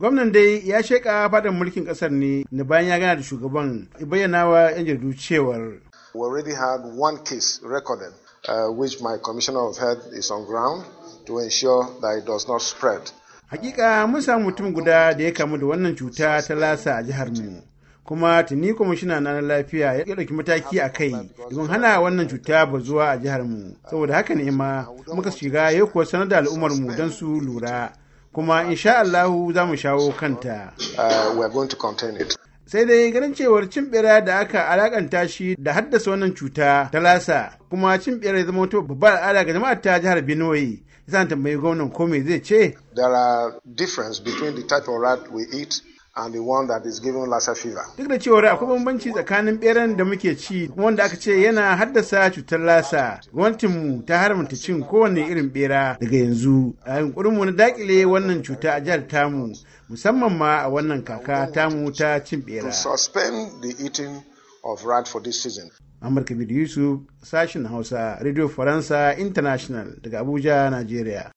gwamnan dai ya sheka fadan mulkin kasar ne na bayan ya gana da shugaban bayyana wa yan jaridu cewar we already had one case recorded uh, which my commissioner of health is on ground to ensure that it does not spread hakika mun samu mutum guda da ya kamu da wannan cuta ta lasa a jihar mu kuma tuni kwamishina na na lafiya ya ɗauki mataki a kai domin hana wannan cuta ba zuwa a jihar mu saboda haka ne ma muka shiga ya kuwa sanar da al'ummar mu don su lura kuma insha Allahu za mu shawo kanta. Uh, Sai dai ganin cewar cin bera da aka alakanta shi da haddasa wannan cuta ta lasa kuma cin bera ya zama wata babbar al'ada ga jama'ar ta jihar Benue. Zan tambayi gwamnan ko me zai ce? There are difference between the type of rat we eat and the one that is giving Lassa fever. Duk da cewar akwai bambanci tsakanin beran da muke ci wanda aka ce yana haddasa cutar lasa. mu ta haramta cin kowanne irin bera daga yanzu. A mu na dakile wannan cuta a jihar tamu musamman ma a wannan kaka tamu ta cin bera. suspend the eating of rat for this season. Amurka Bidu Yusuf, sashin Hausa, Radio Faransa International daga Abuja, Nigeria.